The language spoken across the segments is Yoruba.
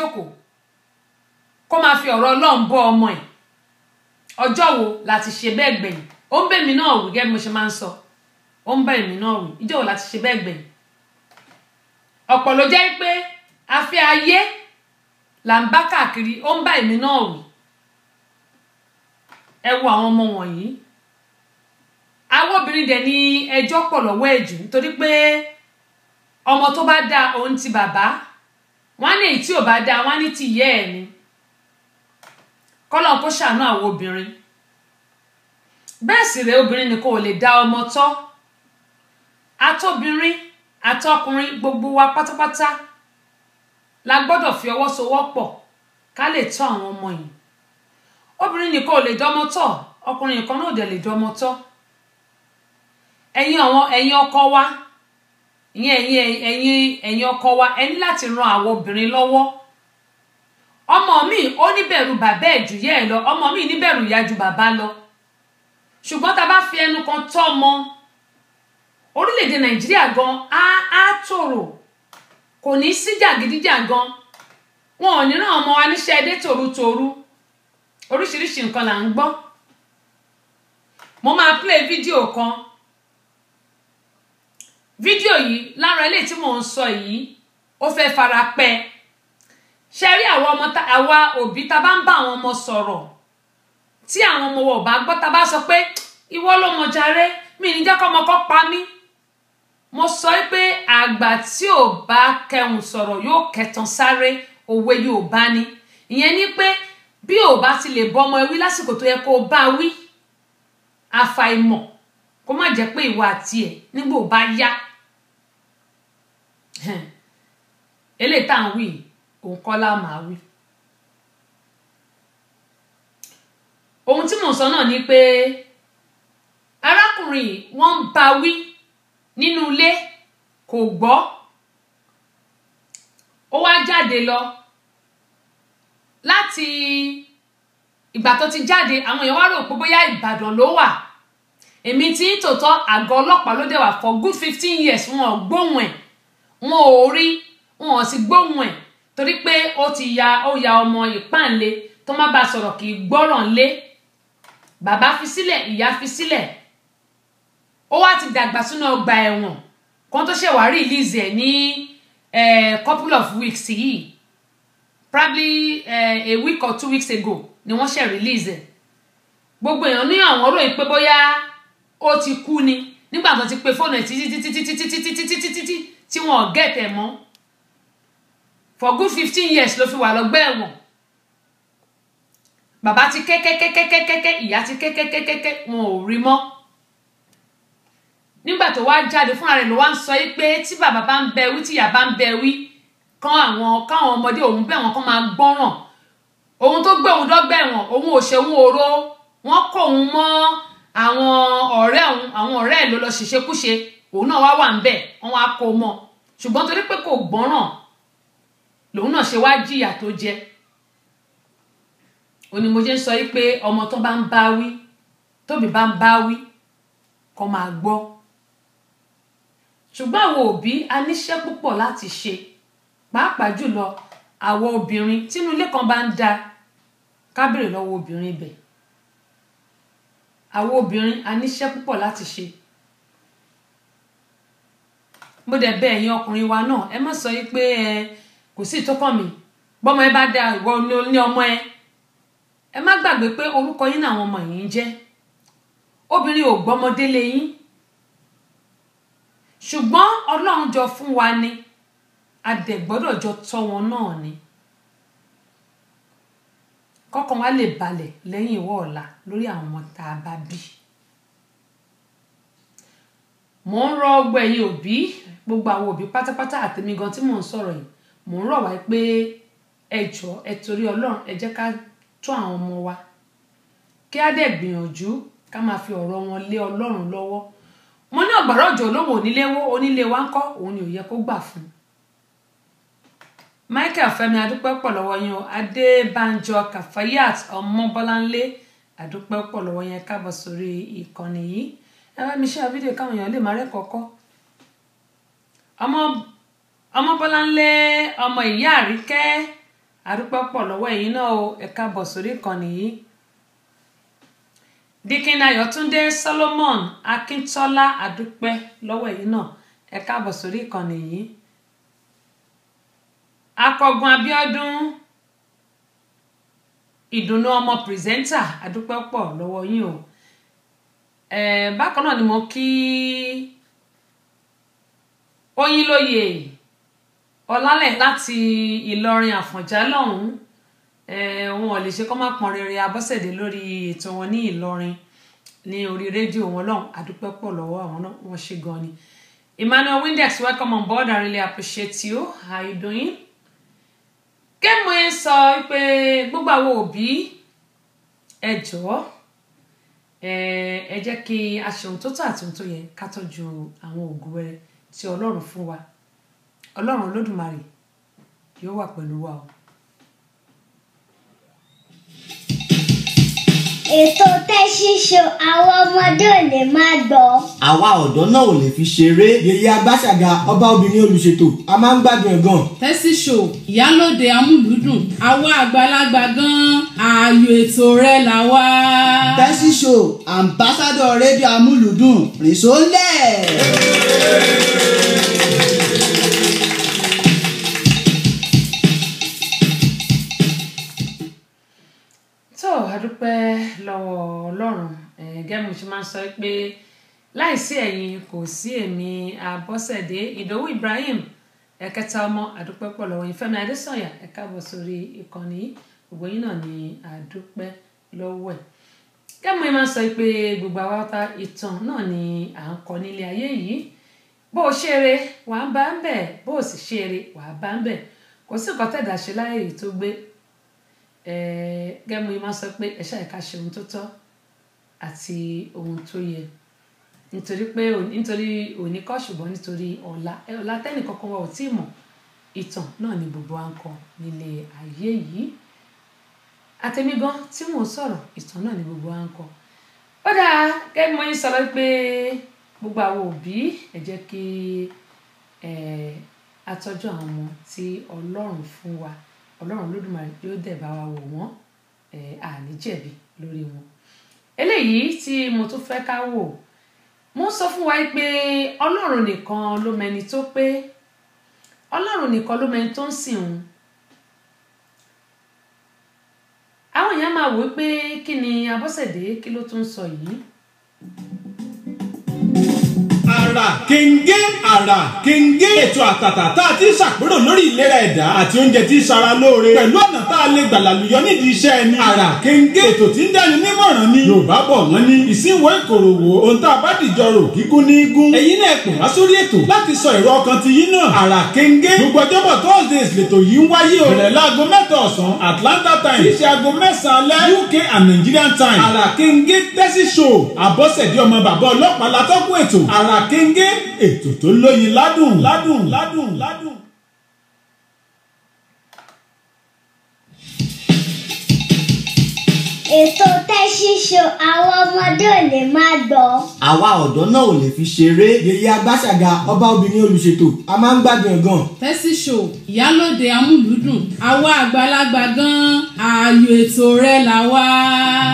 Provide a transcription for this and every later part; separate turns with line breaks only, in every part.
jókòó kó máa fi ọ̀rọ̀ ọlọ́run bọ́ ọmọ ẹ̀ ọjọ́ wo láti ṣe bẹ́ẹ̀ gbẹ̀yìn ó ń bẹ̀ mí náà wí gẹ́gẹ́ bí mo ṣe máa ń sọ ó ń bẹ̀ mí náà wí ìjọ́ wo láti ṣe bẹ́ẹ̀ gbẹ̀yìn ọ̀pọ̀ ló jẹ́ pé afẹ́ ayé là ń bá káàkiri ó ń bá èmi náà wí ẹ wo àwọn ọmọ wọ̀nyí àwọn obìnrin dẹ̀ ni ẹjọ́ pọ̀ lọ́wọ́ ẹ̀jù nítorí pé ọmọ tó bá dáa òun ti bàbá wọ́n á ní èyí tí ò bá dáa wọ́n á ní ti yẹ ẹ̀ ni kọ́lọ́n kó ṣàánú àwọn obìnrin bẹ́ẹ̀ sì rèé obìnrin nìkan ò lè dá ọmọ tọ́ atóbìnrin atọkùnrin gbogbo wa pátápátá la gbọ́dọ̀ fi ọwọ́ sowọ́pọ̀ ká lè tọ́ àwọn ọmọ yìí obìnrin nìkan ò lè dọ́mọ tọ́ ọkùnrin nìkan náà ò dẹ̀ lè dọ́mọ tọ́ ẹ̀yin ọkọ wa ìyẹn ẹ̀yin ẹ̀yin ẹ̀yin ọkọ wa ẹ láti ran àwọn obìnrin lọ́wọ́ ọmọ mi ò ní bẹ̀rù bàbá ẹ̀ jù yẹ́ lọ ọmọ mi ní bẹ̀rù ìyá ju bàbá lọ ṣùgbọ́n tá a bá fi ẹnu kan tọ́ ọmọ orílẹ̀-èdè nàìjíríà gan á a tòrò kò ní sí jàgídíjàgan wọn ò ní ràn ọmọ wa níṣẹ́ ẹdẹ tòrútòrú oríṣiríṣi nǹkan là ń gbọ́ mo máa play fídíò kan fídíò yìí lára eléyìí tí mò ń sọ yìí ó fẹ́ fara pẹ́ ṣe rí àwa ọmọ àwa òbí ta bá ń bá àwọn ọmọ sọ̀rọ̀ tí àwọn ọmọ wa ò bá gbọ́ ta bá sọ pé ìwọ ló mọ jàre mi ní jẹ́ kọ́ ọmọ kọ́ pa mí mo sọ pé àgbà tí ò bá kẹhùn sọ̀rọ̀ yóò kẹtàn sáré òwe Yorùbá ni ìyẹn ni pé bí ò bá ti lè bọ́ ọmọ wí lásìkò tó yẹ kó o bá wí àfàìmọ̀ kó má jẹ́ pé ìwà àti ẹ̀ nígbà bá yá eléyìí tá à ń wí òun kọ́ la máa wí. ohun tí mò ń sọ náà ni pé arákùnrin wọ́n ń bá wí nínú ilé kò gbọ́ ó wá jáde lọ láti ìgbà tó ti jáde àwọn èèyàn wá rò pé bóyá Ìbàdàn ló wà èmi tí ń tòótọ́ àgọ́ ọlọ́pàá ló dẹ̀ wà for good fifteen years wọn ò gbóhùn ẹ̀ wọn ò rí wọn ò sì gbóhùn ẹ̀ torí pé ó ti ya ó ya ọmọ ìpáǹle tó má bá sọ̀rọ̀ kì í gbọ́ràn lé bàbá fi sílẹ̀ ìyá fi sílẹ̀ ó wá ti dàgbà sínú ọgbà ẹ̀wọ̀n kan tó ṣe wá release ẹ̀ ní couple of weeks yìí probably uh, a week or two weeks ago ni wọ́n ṣe release ẹ̀ gbogbo èèyàn ní àwọn ròyìn pé bóyá ó ti kú ni nígbà tó ti pe fóònù ẹ̀ títí títí títí títí títí títí títí tí wọn gẹ̀tẹ̀ mọ́ for good fifteen years ló fi wà lọ́gbẹ́ ẹ̀wọ̀n bàbá ti kẹ́kẹ́kẹ́kẹ́kẹ́kẹ́ ìyá ti kẹ́kẹ́kẹ́kẹ́kẹ́ wọn ò rí mọ́ nígbà tó wá jáde fún ààrẹ ló wá ń sọ yìí pé tí bàbá bá ń bẹ wí tí ìyá bá ń bẹ wí kán àwọn káwọn ọmọdé òun bẹ́ẹ̀ wọn kán máa gbọ́ràn òun tó gbé òun dọ́gbẹ́ ẹ̀wọ̀n òun ò ṣeun oró wọn kó òun mọ́ àwọn ọ̀rẹ́ òun àwọn ọ̀rẹ́ ẹ̀ ló lọ ṣèṣekúṣe òun náà wá wà ń bẹ̀ wọ́n wá kó mọ́ ṣùgbọ́n torí pé kò gbọ́ràn lòun náà ṣe wá jìyà tó jẹ ó ní mo ṣe ń sọ yìí pé ọmọ tó bá ń bá wí tóbi bá ń bá wí kó máa gbọ́ ṣùgbọ́n àwọn òbí a níṣẹ́ púpọ̀ láti ṣe pàápàá jùlọ àwọn obìnrin tínú ilé kan bá ń da ká béèrè lọ́wọ́ obìnrin ibẹ̀ àwọn obìnrin a níṣẹ́ púpọ̀ láti ṣe mo dẹ̀ bẹ̀ ẹ̀yin ọkùnrin wa náà ẹ má sọ yìí pé ẹ kò sí ìtọ́kàn mi bọ́mọ ẹ bá da ìwọ ní ọmọ ẹ ẹ má gbàgbé pé orúkọ yín náà àwọn ọmọ yìí ń jẹ́ obìnrin ò gbọ́mọdélé yín ṣùgbọ́n ọlọ́run jọ fún wa ni adẹ̀gbọ́dọ̀ jọ tọ́ wọn náà ni kọ́kàn wa lè balẹ̀ lẹ́yìn ìwọ ọ̀la lórí àwọn ọmọ tá a bá bí mò ń rọ ọgbọ ẹ̀yin òbí gbogbo àwọn òbí pátápátá àtẹmí gan tí mò ń sọ̀rọ̀ yìí mò ń rọ̀ wá pé ẹ jọ ẹ torí Ọlọ́run ẹ jẹ́ ká tún àwọn ọmọ wa kí á dẹ̀ gbìyànjú ká máa fi ọ̀rọ̀ wọn lé Ọlọ́run lọ́wọ́
mo ní ọ̀gbàrá òjò
olówó oníléwó onílé wa ń kọ́ òun ni ò yẹ kó gbà fún michael fẹ́mi adúpẹ́ pọ̀ lọ́wọ́ o adébánjọ kafayat ọmọbọláńlé adúpẹ́ pọ̀ yẹn káàbọ̀ sórí ìkànnì yìí ẹ bá mi ṣe àfídíò káwọn èèyàn lè máa rẹ́kọ̀ọ́ kọ́ ọmọ ọmọ bọ́láńlé ọmọ ìyá àríkẹ́ àdúpọ̀pọ̀ lọ́wọ́ ẹ̀yin náà o ẹ káàbọ̀ sórí ìkànnì yìí dikin ayọ̀túndé solomon akíntọ́lá àdúpẹ́ lọ́wọ́ ẹ̀yin náà ẹ káàbọ̀ sórí ìkànnì yìí akọgun abíọ́dún ìdùnnú ọmọ pírẹsẹńtà àdúpẹ́ pọ̀ lọ́wọ́ yín o bákan náà ni mo kí Oyinlóye Ọlálẹ̀ láti Ìlọrin Àfọ̀njá lọ́hùn-ún wọn ò lè ṣe kó má pọn rere Abọ́sẹ̀dé lórí ètò wọn ní Ìlọrin ní orí rédíò wọn lọ́hùn-ún àdúpẹ́ pọ̀ lọ́wọ́ àwọn náà wọ́n ṣe gan ni. Emmanuel Windex welcome on board I really appreciate you how you doing? kémo sọ pé gbogbo àwọn òbí ẹ jọ̀ọ́ ẹ jẹ́ kí a ṣe ohun tó tọ́ àti ohun tó yẹ ká tọ́jú àwọn òògùn wẹrẹ tí ọlọ́run fún wa ọlọ́run olódùmarè yóò wà pẹ̀lú wa o. ètò tẹ́ ṣíṣe àwọn ọmọdé ò lè máa gbọ́. àwa ọ̀dọ́ náà ò lè fi ṣeré. yèyé agbáṣàgà ọba obìnrin olùṣètò a máa ń gbádùn ẹ̀ gan. tẹ́sí ṣò ìyálòde amúlùúdùn àwa àgbàlagbà gan-an ààyò ètò rẹ là wá. tẹ́sí ṣò rédíò amúlùúdùn rìnsólẹ̀. dúpẹ́ lọ́wọ́ ọlọ́run gẹ́gùn ṣe máa ń sọ pé láìsí ẹ̀yin kò sí èmi àbọ́sẹ̀dé ìdòwú Ibrahim ẹ̀kẹta ọmọ àdúpẹ́ pọ̀ lọ́wọ́ ìfẹ́mi adésànyà ẹ káàbọ̀ sórí ìkànnì gbogbo yín náà ní àdúpẹ́ lọ́wọ́ ẹ̀ kẹ́mu ẹ máa ń sọ pé gbogbo àwa ta ìtàn náà ni à ń kọ nílé ayé yìí bó o ṣeré wàá bá ń bẹ̀ bó o sì ṣeré wàá bá ń bẹ̀ kò sí nǹkan tẹ̀dá ṣe tó gbé ẹ̀ẹ́ gẹ́mú yìí máa sọ pé ẹ ṣáà ká ṣe ohun tó tọ́ àti ohun tó yẹ nítorí pé nítorí òní kọ́ ṣùgbọ́n nítorí ọ̀la ọ̀la tẹ́nì kankan wa ò tí ì mọ̀ ìtàn náà ni gbogbo à ń kọ nílé ayé yìí àtẹ̀mí gan tí mò ń sọ̀rọ̀ ìtàn náà ni gbogbo à ń kọ ó dáa gẹ́gẹ́ mo yín sọ lọ pé gbogbo àwọn òbí ẹ jẹ́ kí a tọ́jú àwọn ọmọ tí ọlọ́run fún wa ọlọ́run lódùmarè yóò dẹ̀ bá wa wò wọ́n àní jẹ̀bi lórí wọn. eléyìí tí mo tún fẹ́ ká wò mo sọ fún wa pé ọlọ́run nìkan ló mẹni tó pé ọlọ́run nìkan ló mẹni tó ń sìn òun àwọn èèyàn máa wò pé kí ni abọ́sẹ̀dé kí ló tún sọ yìí àrà kéńgé àrà kéńgé ètò àtàtà tá a ti ń ṣàpérò lórí ìlera ẹ̀dá àti oúnjẹ tí ń ṣara lóore pẹ̀lú ọ̀nà tá a lè gbàlàlùyọ nídìí iṣẹ́ ẹni àrà kéńgé ètò tí ń dání nímọ̀ràn ni Yorùbá bọ̀ wọ́n ní ìsínwó ìkòròwò ohun tá a bá dìjọ rò kíkún ní igun ẹ̀yin náà pè wá sórí ètò láti sọ èrò ọkàn ti yín náà àrà kéńgé gbogbo ọjọ́bọ̀ Thursdays Atlanta time tí í ṣe aago mẹ́sàn time àrà kéńgé tẹ́sí show àbọ̀sẹ̀dí ọmọ bàbá ọlọ́pàá látọ́kùn ètò àrà kéńgé gé ètò tó lóyin ládùn ládùn ládùn ládùn. ètò tẹ́ ṣíṣe àwọn ọmọdé ò lè máa gbọ́. àwa ọ̀dọ́ náà ò lè fi ṣeré. yèyé agbáṣàga ọba obìnrin olùṣètò a máa ń gbádùn ẹ̀ gan. tẹ́sí ṣò ìyálòde amúlùúdùn àwa àgbàlagbà gan-an ààyò ètò rẹ là wá.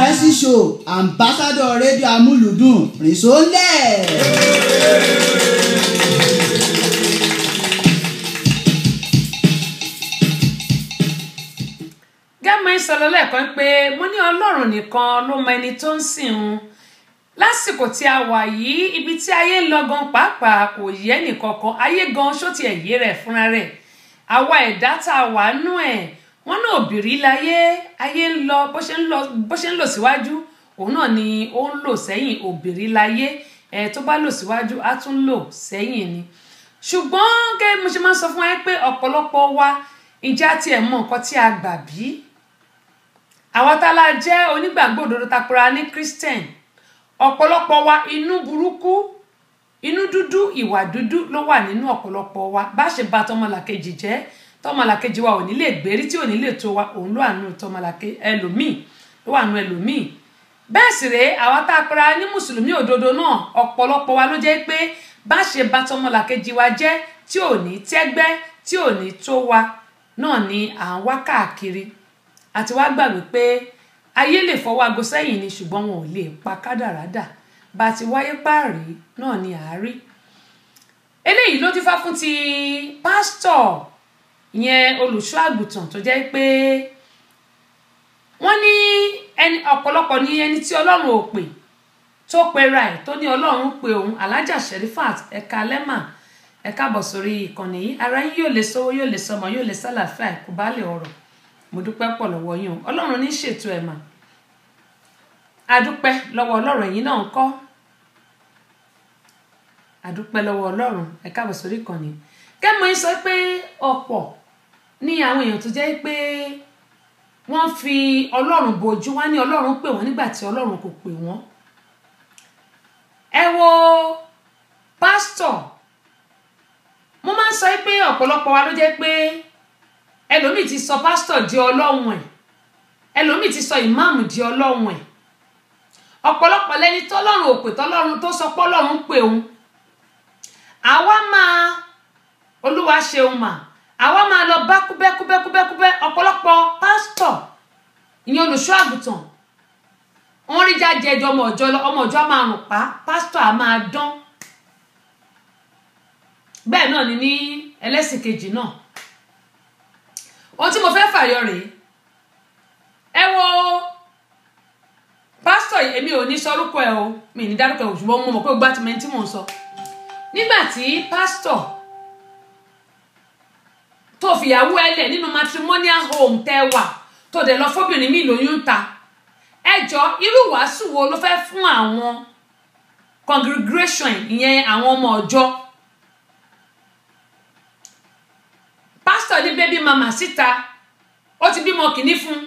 tẹ́sí ṣò àǹbáṣádọ̀ rédíò amúlùúdùn rìnsó lẹ̀. gẹ́gẹ́ mọ́ ń sọ lọ́lẹ́ẹ̀kan pé mo ọlọ́run nìkan ló mọ ẹni tó ń sìn un lásìkò tí a wà yìí ibi tí ayé ń lọ gan pàápàá kò yẹ nìkankan ayé gan ṣó ti ẹ̀yẹ rẹ̀ fúnra rẹ̀ àwa ẹ̀dá tá a wà nú ẹ̀ wọ́n náà òbírí láyé ayé ń lọ bó ṣe ń lọ síwájú òun náà ni ó ń lò sẹ́yìn òbírí láyé ẹ̀ tó bá lò síwájú á tún lò sẹ́yìn ni ṣùgbọ́n gẹ́gẹ́ mo ṣe máa ń sọ fún wa pé ọ̀pọ̀lọpọ̀ wa ǹjẹ́ àti mọ nǹkan tí a gbà bíi àwa tá a la jẹ́ onígbàgbọ́ òdodo tapora ní christian ọ̀pọ̀lọpọ̀ wa inú burúkú inú dúdú ìwà dúdú ló wà nínú ọ̀pọ̀lọpọ̀ wa bá ṣe ba tọmọlàkejì jẹ́ tọmọlàkejì wa ò ní lè gbérí tí ò ní lè tó wa òun ló àánú tọmọlàkejì ẹlòmíì ló wà nù ẹlòmíì bẹ́ẹ̀ sì rèé àwa tá ní mùsùlùmí òdodo náà ọ̀pọ̀lọpọ̀ wa ló jẹ́ pé bá ṣe ba tọmọlàkejì wa jẹ́ tí ò ní tẹ́gbẹ́ tí ò ní tó wa náà ni à ń wá káàkiri àti wá gbàgbé pé ayé lè fọwọ́ aago sẹ́yìn ni ṣùgbọ́n wọn ò lè pa kádàrádà bá a ti wáyé páàrí náà ni àárí eléyìí ló ti fá fún ti pásítọ̀ ìyẹn olùṣọ́ àgùntàn tó jẹ́ pé wọ́n ní ẹni ọ̀pọ̀lọpọ̀ ní ẹni tí ọlọ́run ò pè tó pera ẹ̀ tó ní ọlọ́run pe òun alájà sherifat ẹ̀ka lẹ́mà ẹ̀ka bọ̀ sórí ìkànnì yìí ara yín yóò lè sówó yóò lè sọmọ yóò lè sálàáfíà ìkúbálẹ̀ ọ̀rọ̀ mo dúpẹ́ pọ̀ lọ́wọ́ yín o ọlọ́run ní ṣètò ẹ̀ mà adúpẹ́ lọ́wọ́ ọlọ́run ẹ̀yin náà ń kọ́ adúpẹ́ lọ́wọ́ ọlọ́run ẹ káàbọ̀ sórí ìkànnì kẹ́mọ yín sọ pé ọ̀pọ̀ ní àwọn èèyàn tó jẹ́ pé wọ́n fi ọlọ́run bojú wá ní ọlọ́run pè wọ́n nígbà tí ọlọ́run kò pè wọ́n ẹ wo pásítọ̀ mo máa ń sọ pé ọ̀pọ̀lọpọ̀ wa ló jẹ́ pé. Pe ẹlòmíì ti sọ pásítọ̀ di ọlọ́run ẹ̀ ẹlòmíì ti sọ ìmáàmù di ọlọ́run ẹ̀ ọ̀pọ̀lọpọ̀ lẹni tọ́lọ́run ò pè tọ́lọ́run tó sọ pọ́lọ́run pè òun àwa máa olúwa ṣeun mà àwa máa lọ bá kúbẹ́kúbẹ́kúbẹ́kúbẹ́ ọ̀pọ̀lọpọ̀ pásítọ̀ ìyẹn olùṣọ́ àgùntàn wọ́n rí jáde ẹjọ́ ọmọ ọjọ́ ọmọ ọjọ́ máa rùn pa pásítọ̀ á máa dán bẹ́ẹ̀ náà ni ní ẹlẹ́sìn kejì náà ohun tí mo fẹ́ fàyọ rèé ẹ wo pásítọ̀ èmi ò ní sọrúkọ ẹ o mi ní dárúkọ ẹ ṣùgbọ́n mo mọ̀ pé gbá ti mẹ́ni tí mò ń sọ nígbà tí pásítọ̀ tó fìyàwó ẹ nínú matrimonial home tẹ́ wà tó dẹ̀ lọ fọ́bìnrin mi lóyún ta ẹ jọ irú wàásù wo ló fẹ́ fún àwọn congregation ìyẹn àwọn ọmọ ọjọ́ pásítọ̀ dị bebi mama sita o ti bímọ kìíní fún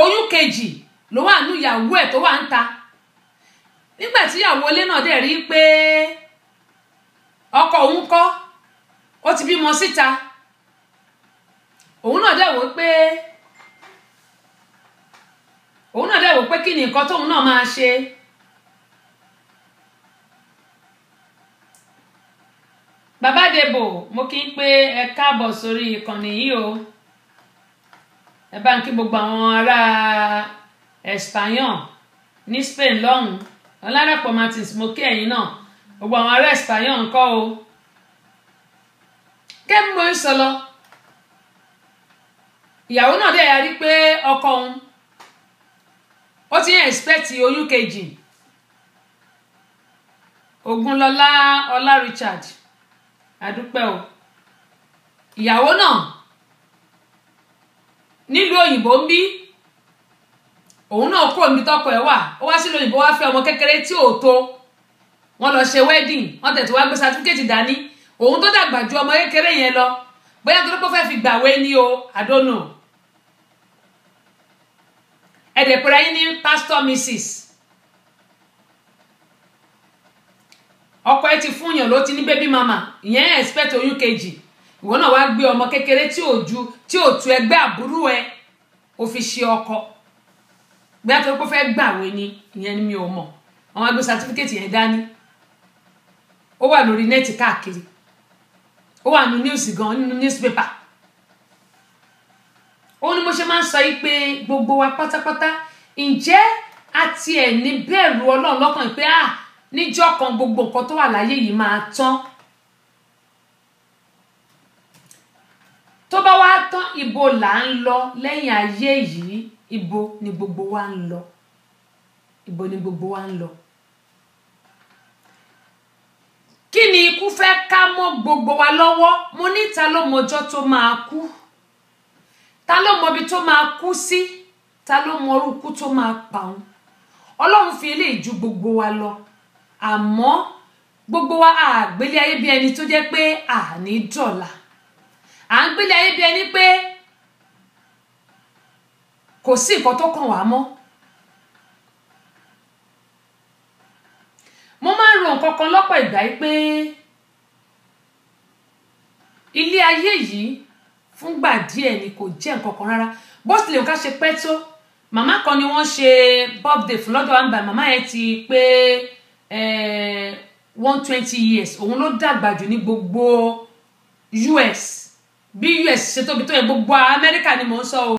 oyún kejì ló wà nù ìyàwó ẹ̀ tó wà ń ta nígbà tí ìyàwó ilé náà dẹ̀ rí pé ọkọ òun o ti bimọ síta òun náà dẹ̀ pé òun náà dẹ̀ wò pé kí ni nǹkan tóun náà máa ṣe bàbá Debo, mo kí n pé ẹ káàbọ̀ sórí ìkànnì yìí o ẹ bá ń kí gbogbo àwọn ará espayan ní spain lọ́hùn ọlárẹ̀pọ̀ martins mo kí ẹ̀yin náà gbogbo àwọn ará espayan ń kọ́ o kẹ́mi mo ń sọ lọ ìyàwó náà dẹ̀ yarí pé ọkọ òun ó ti ń ẹ̀spẹ́tì oyún kejì ogunlọlá ọlá richard adúpẹ́ o ìyàwó náà nílùú òyìnbó ń bí òun náà kúrò níbi tọkọ ẹ̀ wà ó wá sílùú òyìnbó wá fẹ́ ọmọ kékeré tí ò tó wọ́n lọ ṣe wedding wọ́n tẹ̀ tí wá gbé certificate dání òun tó dàgbà ju ọmọ kékeré yẹn lọ bóyá tó ló kó fẹ́ẹ́ fi gbàwé ni o I don't know ẹ̀dẹ̀ pẹ̀lú ayé ní pastor mrs ọkọ ẹ ti fún yàn ló ti ní baby mama ìyẹn expect oyún kejì ìwọ náà wá gbé ọmọ kékeré tí ò ju tí ò tu ẹgbẹ́ àbúrò ẹ ó fi ṣe ọkọ gbé àtọ́ pé fẹ́ gbàwé ni ìyẹn ni mi ò mọ̀ àwọn agbé certificate yẹn dání ó wà lórí nẹ́ẹ̀tì káàkiri ó wà nínú news gan nínú newspaper ó ní mo ṣe máa ń sọ yìí pé gbogbo wa pátápátá ǹjẹ́ a tiẹ̀ ní bẹ́ẹ̀rù ọlọ́run lọ́kàn pé ah níjọ́ kan gbogbo nǹkan tó wà láyé yìí máa tán tó bá wá tán ibo là ń lọ lẹ́yìn ayé yìí ibo ni gbogbo wa ń lọ ibo ni gbogbo wa ń lọ kí ni ikú fẹ́ ká mọ́ gbogbo wa lọ́wọ́ mo ní ta ló mọjọ́ tó máa kú ta ló mọbi tó máa kú sí ta ló mọ orúkú tó máa pa òun ọlọ́run fi eléyìí ju gbogbo wa lọ àmọ́ gbogbo wa àgbélé ayé bí ẹni tó jẹ́ pé àní dọ̀la à ń gbélé ayé bí ẹni pé kò sí nǹkan tó kàn wá mọ́ mo máa ń ro nǹkan kan lọ́pọ̀ ìgbà yìí pé ilé ayé yìí fúngbà díẹ̀ ni kò jẹ́ nǹkan kan rárá bó tilẹ̀ nǹkan ṣe pẹ́ tó màmá kan ni wọ́n ṣe birthday fún lọ́dọ̀ àǹbá màmá yẹn ti pé. Pe Eh, one twenty years òun ló dàgbà jù ní gbogbo US bí US ṣe tóbi tó yẹ gbogbo Amẹ́ríkà ni mò ń sọ o